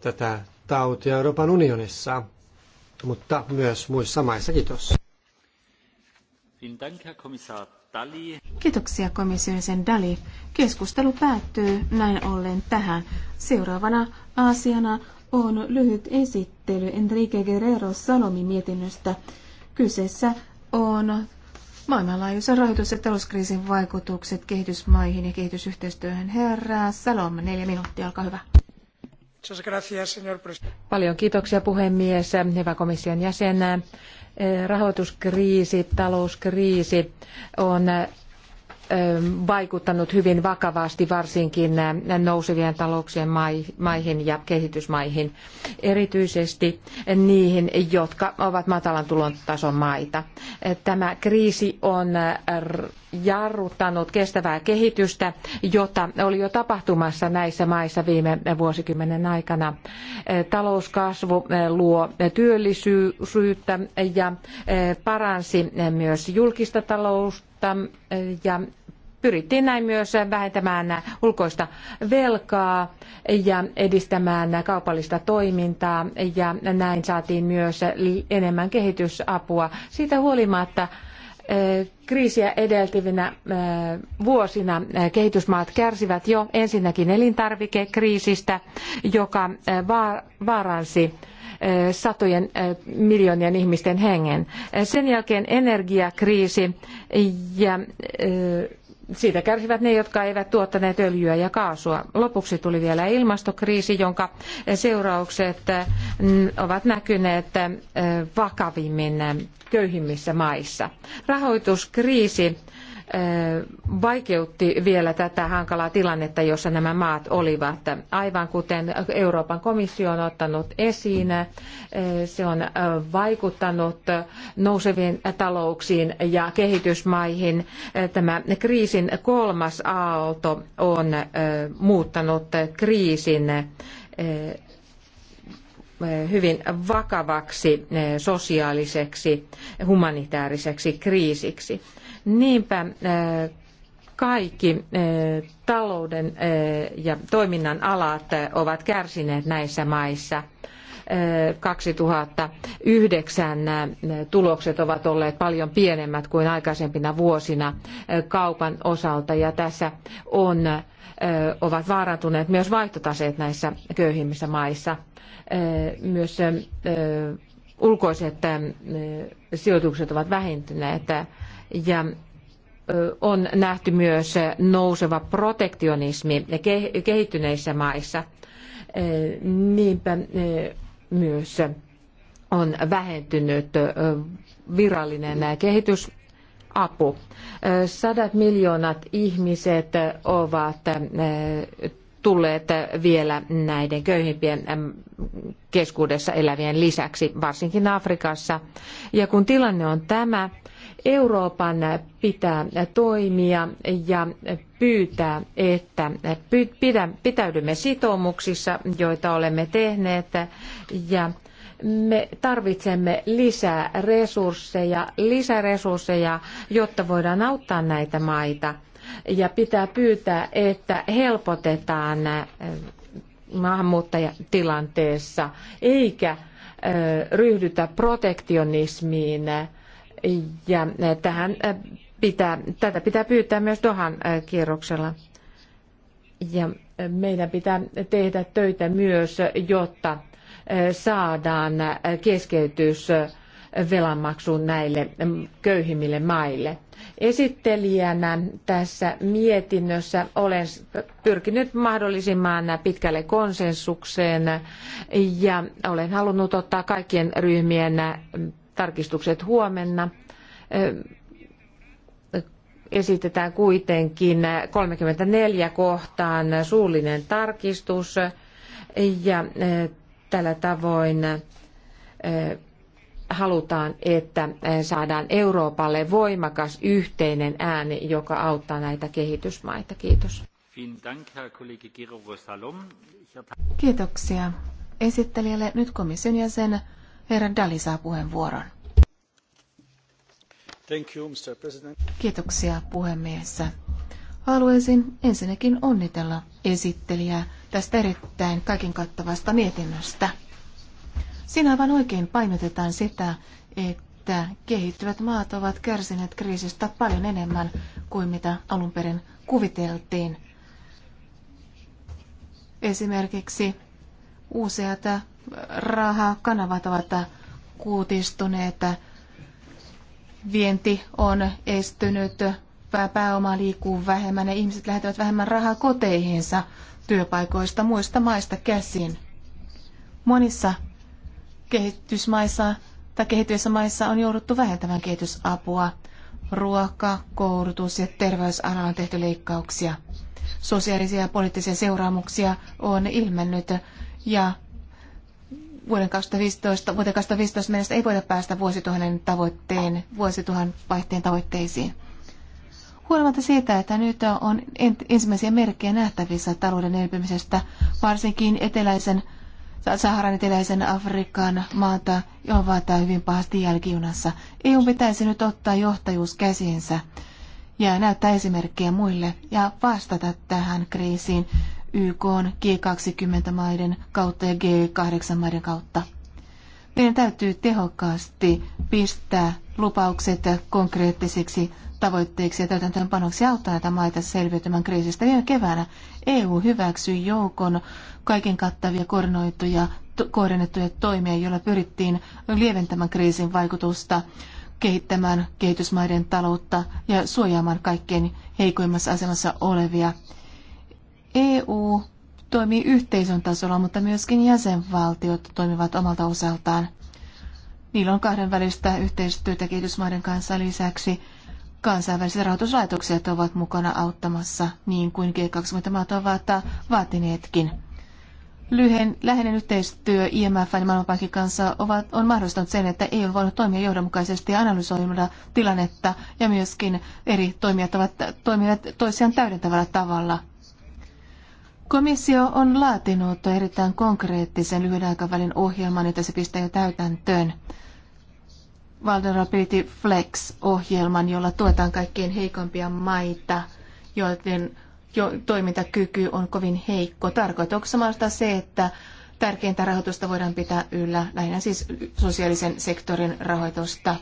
tätä tautia Euroopan unionissa, mutta myös muissa maissa. Kiitos. Kiitoksia komission sen Dali. Keskustelu päättyy näin ollen tähän. Seuraavana asiana on lyhyt esittely Enrique Guerrero Salomi mietinnöstä. Kyseessä on maailmanlaajuisen rahoitus- ja talouskriisin vaikutukset kehitysmaihin ja kehitysyhteistyöhön. Herra Salom, neljä minuuttia, olkaa hyvä. Paljon kiitoksia puhemies, hyvä komission jäsen. Eh, rahoituskriisi, talouskriisi on vaikuttanut hyvin vakavasti varsinkin nousevien talouksien maihin ja kehitysmaihin, erityisesti niihin, jotka ovat matalan tulon tason maita. Tämä kriisi on jarruttanut kestävää kehitystä, jota oli jo tapahtumassa näissä maissa viime vuosikymmenen aikana. Talouskasvu luo työllisyyttä ja paransi myös julkista taloutta taloutta eh, ja pyrittiin näin myös vähentämään ulkoista velkaa ja edistämään kaupallista toimintaa ja näin saatiin myös enemmän kehitysapua. Siitä huolimatta eh, kriisiä edeltävinä eh, vuosina kehitysmaat kärsivät jo ensinnäkin elintarvikekriisistä, joka vaaransi satojen miljoonien ihmisten hengen. Sen jälkeen energiakriisi ja siitä kärsivät ne, jotka eivät tuottaneet öljyä ja kaasua. Lopuksi tuli vielä ilmastokriisi, jonka seuraukset ovat näkyneet vakavimmin köyhimmissä maissa. Rahoituskriisi vaikeutti vielä tätä hankalaa tilannetta, jossa nämä maat olivat. Aivan kuten Euroopan komissio on ottanut esiin, eh, se on eh, vaikuttanut nouseviin talouksiin ja kehitysmaihin. Eh, tämä kriisin kolmas aalto on muuttanut kriisin hyvin vakavaksi eh, sosiaaliseksi humanitaariseksi kriisiksi. Niinpä eh, kaikki eh, talouden ja toiminnan alat ovat kärsineet näissä maissa. 2009 tulokset ovat olleet paljon pienemmät kuin aikaisempina vuosina kaupan osalta ja tässä on, ovat vaarantuneet myös vaihtotaseet näissä köyhimmissä maissa. Myös ulkoiset sijoitukset ovat vähentyneet ja on nähty myös nouseva protektionismi kehittyneissä maissa. Niinpä myös on vähentynyt virallinen kehitysapu. Sadat miljoonat ihmiset ovat tulleet vielä näiden köyhimpien keskuudessa elävien lisäksi, varsinkin Afrikassa. Ja kun tilanne on tämä, Euroopan pitää toimia ja pyytää, että pitäydymme sitoumuksissa, joita olemme tehneet, ja me tarvitsemme lisää resursseja, lisäresursseja, jotta voidaan auttaa näitä maita. Ja pitää pyytää, että helpotetaan maahanmuuttajatilanteessa, eikä ryhdytä protektionismiin ja tähän pitää, tätä pitää pyytää myös Dohan kierroksella. Ja meidän pitää tehdä töitä myös, jotta saadaan keskeytys velanmaksuun näille köyhimmille maille. Esittelijänä tässä mietinnössä olen pyrkinyt mahdollisimman pitkälle konsensukseen ja olen halunnut ottaa kaikkien ryhmien tarkistukset huomenna esitetään kuitenkin 34 kohtaan suullinen tarkistus ja eh, tällä tavoin eh, halutaan, että eh, saadaan Euroopalle voimakas yhteinen ääni, joka auttaa näitä kehitysmaita. Kiitos. Kiitoksia esittelijälle. Nyt komission jäsen herra Dali saa puheenvuoron. Thank Kiitoksia puhemies. Haluaisin ensinnäkin onnitella esittelijää tästä erittäin kaiken kattavasta mietinnöstä. Siinä aivan oikein painotetaan sitä, että kehittyvät maat ovat kärsineet kriisistä paljon enemmän kuin mitä alun perin kuviteltiin. Esimerkiksi useat rahakanavat ovat kuutistuneet vienti on estynyt, pääoma liikkuu vähemmän ja ihmiset lähettävät vähemmän rahaa koteihinsa työpaikoista muista maista käsin. Monissa kehitysmaissa tai kehittyvissä maissa on jouduttu vähentämään kehitysapua. Ruoka, koulutus ja terveysalalla on tehty leikkauksia. Sosiaalisia ja poliittisia seuraamuksia on ilmennyt ja vuoden 2015, vuoteen 2015 mennessä ei voida päästä vuosituhannen tavoitteen, vuosituhan vaihteen tavoitteisiin. Huolimatta siitä, että nyt on ensimmäisiä merkkejä nähtävissä talouden elpymisestä, varsinkin eteläisen Saharan eteläisen Afrikan maata ovat hyvin pahasti jälkijunassa. EU pitäisi nyt ottaa johtajuus käsiinsä ja näyttää esimerkkejä muille ja vastata tähän kriisiin YK G20-maiden kautta ja G8-maiden kautta. Meidän täytyy tehokkaasti pistää lupaukset konkreettisiksi tavoitteiksi ja panoksi auttaa näitä maita selviytymään kriisistä. Vielä keväänä EU hyväksyi joukon kaiken kattavia koordinoituja, kohdennettuja toimia, joilla pyrittiin lieventämään kriisin vaikutusta, kehittämään kehitysmaiden taloutta ja suojaamaan kaikkein heikoimmassa asemassa olevia EU toimii yhteisön tasolla, mutta myöskin jäsenvaltiot toimivat omalta osaltaan. Niillä on kahdenvälistä yhteistyötä kehitysmaiden kanssa lisäksi. Kansainväliset rahoituslaitokset ovat mukana auttamassa, niin kuin G20-maat ovat vaatineetkin. Lyhen, läheinen yhteistyö IMF ja Maailmanpankin kanssa ovat, on mahdollistanut sen, että EU on voinut toimia johdonmukaisesti ja analysoida tilannetta ja myöskin eri toimijat ovat toimineet toisiaan täydentävällä tavalla – Komissio on laatinut erittäin konkreettisen lyhyen aikavälin ohjelman, jota se pistää jo täytäntöön. Vulnerability Flex-ohjelman, jolla tuetaan kaikkein heikompia maita, joiden jo toimintakyky on kovin heikko. Tarkoituksena se, että tärkeintä rahoitusta voidaan pitää yllä, lähinnä siis sosiaalisen sektorin rahoitusta.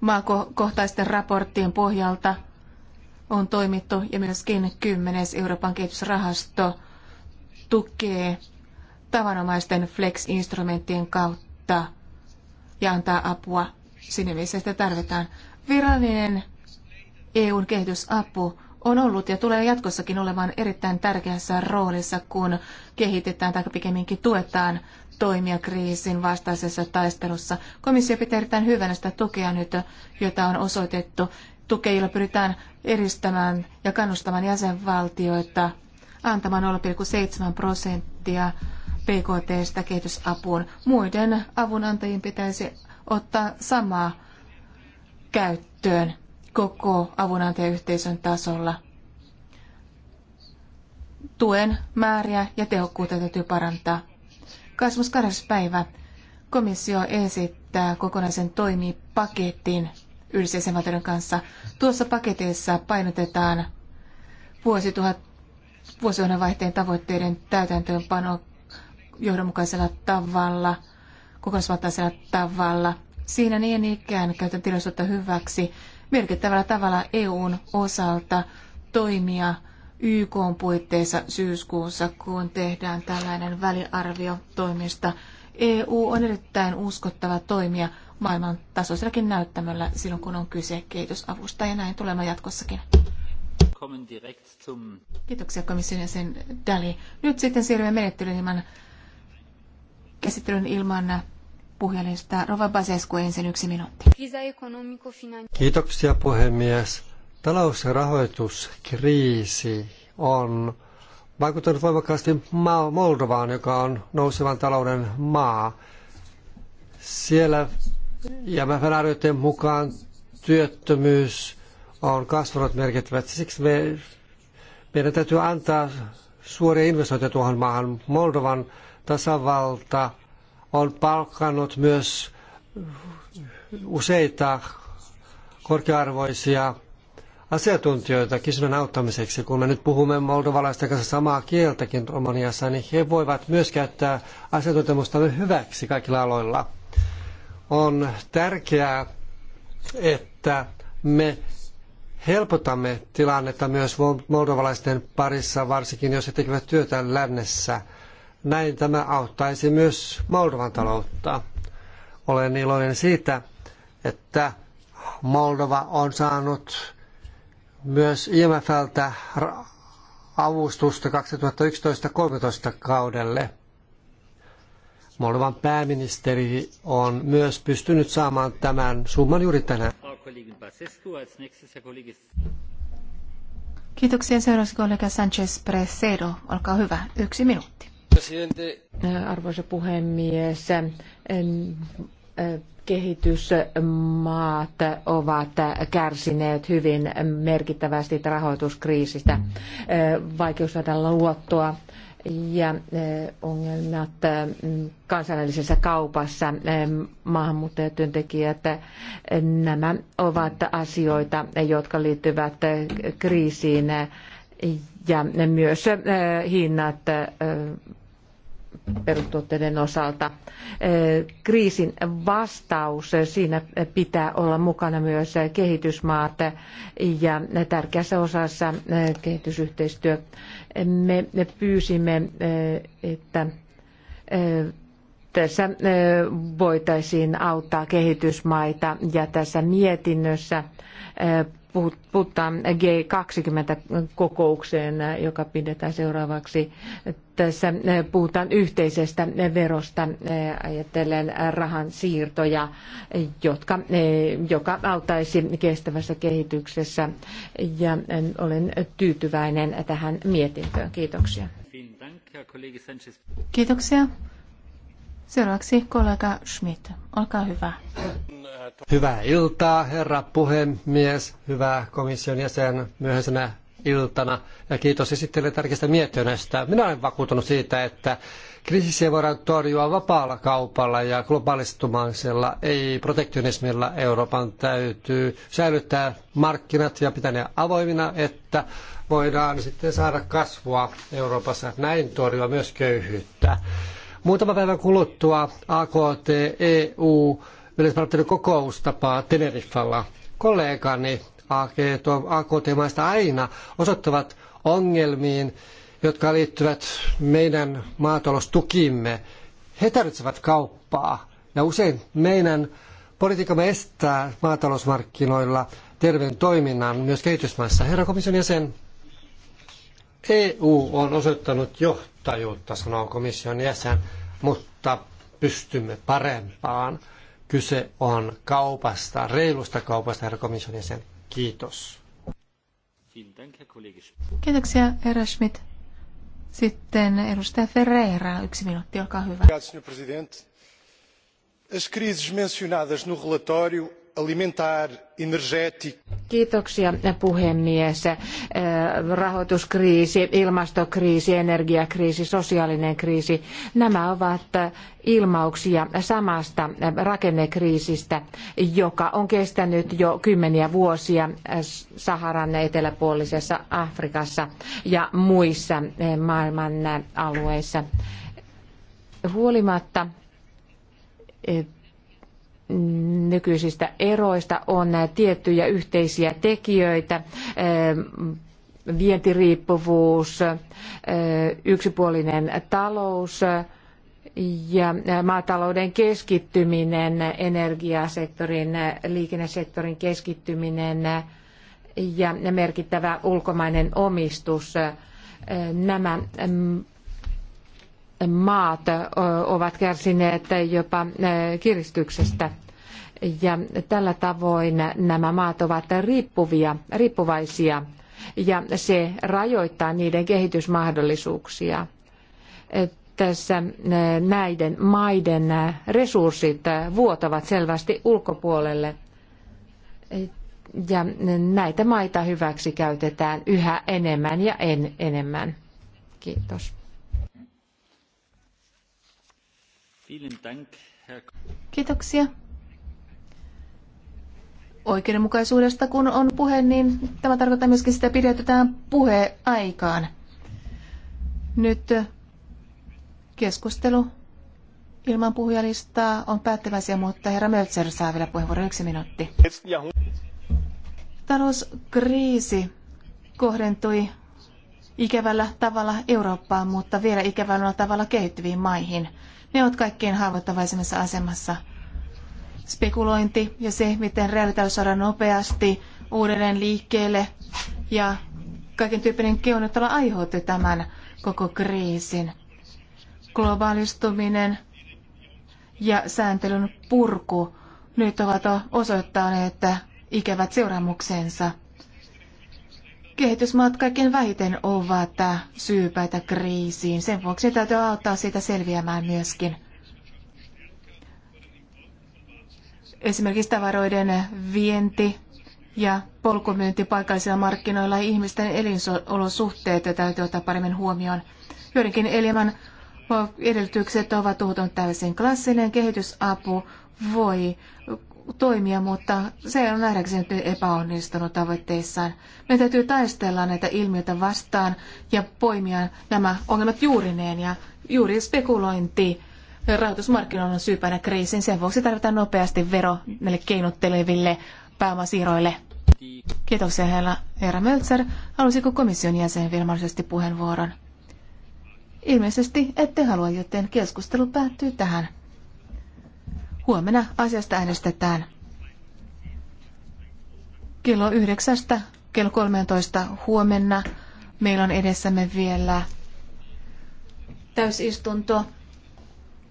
Maakohtaisten raporttien pohjalta – on toimittu ja myöskin kymmenes Euroopan kehitysrahasto tukee tavanomaisten flex-instrumenttien kautta ja antaa apua sinne, missä sitä tarvitaan. Virallinen EUn kehitysapu on ollut ja tulee jatkossakin olemaan erittäin tärkeässä roolissa, kun kehitetään tai pikemminkin tuetaan toimia kriisin vastaisessa taistelussa. Komissio pitää erittäin hyvänä sitä tukea nyt, jota on osoitettu tukea, pyritään eristämään ja kannustamaan jäsenvaltioita antamaan 0,7 prosenttia PKTstä kehitysapuun. Muiden avunantajien pitäisi ottaa samaa käyttöön koko avunantajayhteisön tasolla. Tuen määriä ja tehokkuutta täytyy parantaa. 28. päivä komissio esittää kokonaisen toimipaketin – yhdysjäsenvaltioiden kanssa. Tuossa paketissa painotetaan vuosituhat, vaihteen tavoitteiden täytäntöönpano johdonmukaisella tavalla, kokonaisvaltaisella tavalla. Siinä niin ikään käytän tilaisuutta hyväksi merkittävällä tavalla EUn osalta toimia YK puitteissa syyskuussa, kun tehdään tällainen väliarvio toimista EU on erittäin uskottava toimija maailman tasoisellakin näyttämöllä silloin, kun on kyse kehitysavusta ja näin tulemme jatkossakin. Kiitoksia komission jäsen Dali. Nyt sitten siirrymme menettelyyn ilman käsittelyn ilman puhujalista. Rova Basescu ensin yksi minuutti. Kiitoksia puhemies. Talous- ja rahoituskriisi on vaikuttanut voimakkaasti Moldovaan, joka on nousevan talouden maa. Siellä IMFn arvioiden mukaan työttömyys on kasvanut merkittävästi. Siksi me, meidän täytyy antaa suoria investointeja tuohon maahan. Moldovan tasavalta on palkannut myös useita korkearvoisia asiantuntijoita Kisnan auttamiseksi. Kun me nyt puhumme moldovalaisten kanssa samaa kieltäkin Romaniassa, niin he voivat myös käyttää asiantuntemustamme hyväksi kaikilla aloilla. On tärkeää, että me helpotamme tilannetta myös moldovalaisten parissa, varsinkin jos he tekevät työtä lännessä. Näin tämä auttaisi myös Moldovan taloutta. Olen iloinen siitä, että Moldova on saanut myös IMFltä avustusta 2011-2013 kaudelle. Moldovan pääministeri on myös pystynyt saamaan tämän summan juuri tänään. Kiitoksia seuraavaksi kollega Sanchez Presero. Olkaa hyvä, yksi minuutti. Arvoisa puhemies, kehitysmaat ovat kärsineet hyvin merkittävästi rahoituskriisistä, vaikeus saada luottoa ja eh, ongelmat mm, kansainvälisessä kaupassa, eh, maahanmuuttajatyöntekijät, nämä ovat asioita, jotka liittyvät eh, kriisiin ja myös hinnat perustuotteiden osalta. Kriisin vastaus, siinä pitää olla mukana myös kehitysmaat ja tärkeässä osassa kehitysyhteistyö. Me pyysimme, että tässä voitaisiin auttaa kehitysmaita ja tässä mietinnössä puhutaan G20-kokoukseen, joka pidetään seuraavaksi. Tässä puhutaan yhteisestä verosta ajatellen rahan siirtoja, jotka, joka auttaisi kestävässä kehityksessä. Ja olen tyytyväinen tähän mietintöön. Kiitoksia. Kiitoksia. Seuraavaksi kollega Schmidt, olkaa hyvä. Hyvää iltaa, herra puhemies, hyvä komission jäsen myöhäisenä iltana ja kiitos esittelijä tärkeästä mietinnöstä. Minä olen vakuutunut siitä, että kriisiä voidaan torjua vapaalla kaupalla ja globaalistumisella, ei protektionismilla. Euroopan täytyy säilyttää markkinat ja pitää ne avoimina, että voidaan sitten saada kasvua Euroopassa. Näin torjua myös köyhyyttä. Muutama päivän kuluttua AKT EU yleispalveluiden kokous tapaa Teneriffalla. Kollegani AKT-maista aina osoittavat ongelmiin, jotka liittyvät meidän maataloustukimme. He tarvitsevat kauppaa ja usein meidän politiikamme estää maatalousmarkkinoilla terveen toiminnan myös kehitysmaissa. Herra komission jäsen, EU on osoittanut johtajuutta, sanoo komission jäsen, mutta pystymme parempaan. Kyse on kaupasta, reilusta kaupasta, herra komission jäsen. Kiitos. Kiitoksia, herra Schmidt. Sitten edustaja Ferreira, yksi minuutti, olkaa hyvä. Obrigado, Kiitoksia puhemies. Äh, rahoituskriisi, ilmastokriisi, energiakriisi, sosiaalinen kriisi, nämä ovat ilmauksia samasta rakennekriisistä, joka on kestänyt jo kymmeniä vuosia Saharan eteläpuolisessa Afrikassa ja muissa maailman alueissa. Huolimatta nykyisistä eroista on tiettyjä yhteisiä tekijöitä, ehm, vientiriippuvuus, ehm, yksipuolinen talous ehm, ja maatalouden keskittyminen, energiasektorin, liikennesektorin keskittyminen ja merkittävä ulkomainen omistus. Nämä maat ovat kärsineet jopa kiristyksestä. Ja tällä tavoin nämä maat ovat riippuvia, riippuvaisia ja se rajoittaa niiden kehitysmahdollisuuksia. Tässä näiden maiden resurssit vuotavat selvästi ulkopuolelle ja näitä maita hyväksi käytetään yhä enemmän ja en enemmän. Kiitos. Kiitoksia. Oikeudenmukaisuudesta kun on puhe, niin tämä tarkoittaa myöskin sitä pidätetään puheaikaan. Nyt keskustelu ilman puhujalistaa on päättäväisiä, mutta herra Möltser saa vielä puheenvuoron yksi minuutti. Talouskriisi kohdentui ikävällä tavalla Eurooppaan, mutta vielä ikävällä tavalla kehittyviin maihin. Ne ovat kaikkein haavoittuvaisemmassa asemassa. Spekulointi ja se, miten reaalitalous saadaan nopeasti uudelleen liikkeelle ja kaiken tyyppinen keunottelu aiheutti tämän koko kriisin. Globaalistuminen ja sääntelyn purku nyt ovat osoittaneet ikävät seuraamuksensa – Kehitysmaat kaikkein vähiten ovat syypäitä kriisiin. Sen vuoksi täytyy auttaa siitä selviämään myöskin. Esimerkiksi tavaroiden vienti ja polkumyynti paikallisilla markkinoilla ja ihmisten elinolosuhteet täytyy ottaa paremmin huomioon. Joidenkin elämän edellytykset ovat uhuton täysin. Klassinen kehitysapu voi toimia, mutta se on nähdäkseni nyt epäonnistunut tavoitteissaan. Meidän täytyy taistella näitä ilmiöitä vastaan ja poimia nämä ongelmat juurineen ja juuri spekulointi rahoitusmarkkinoilla on syypänä kriisin. Sen vuoksi tarvitaan nopeasti vero näille keinotteleville pääomasiirroille. Kiitoksia herra, herra Möltser. Halusiko komission jäsen virmallisesti puheenvuoron? Ilmeisesti ette halua, joten keskustelu päättyy tähän. Huomenna asiasta äänestetään kello 9 kello 13 huomenna. Meillä on edessämme vielä täysistunto.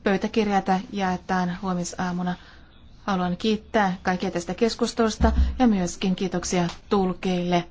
Pöytäkirjata jaetaan huomisaamuna. Haluan kiittää kaikkia tästä keskustelusta ja myöskin kiitoksia tulkeille.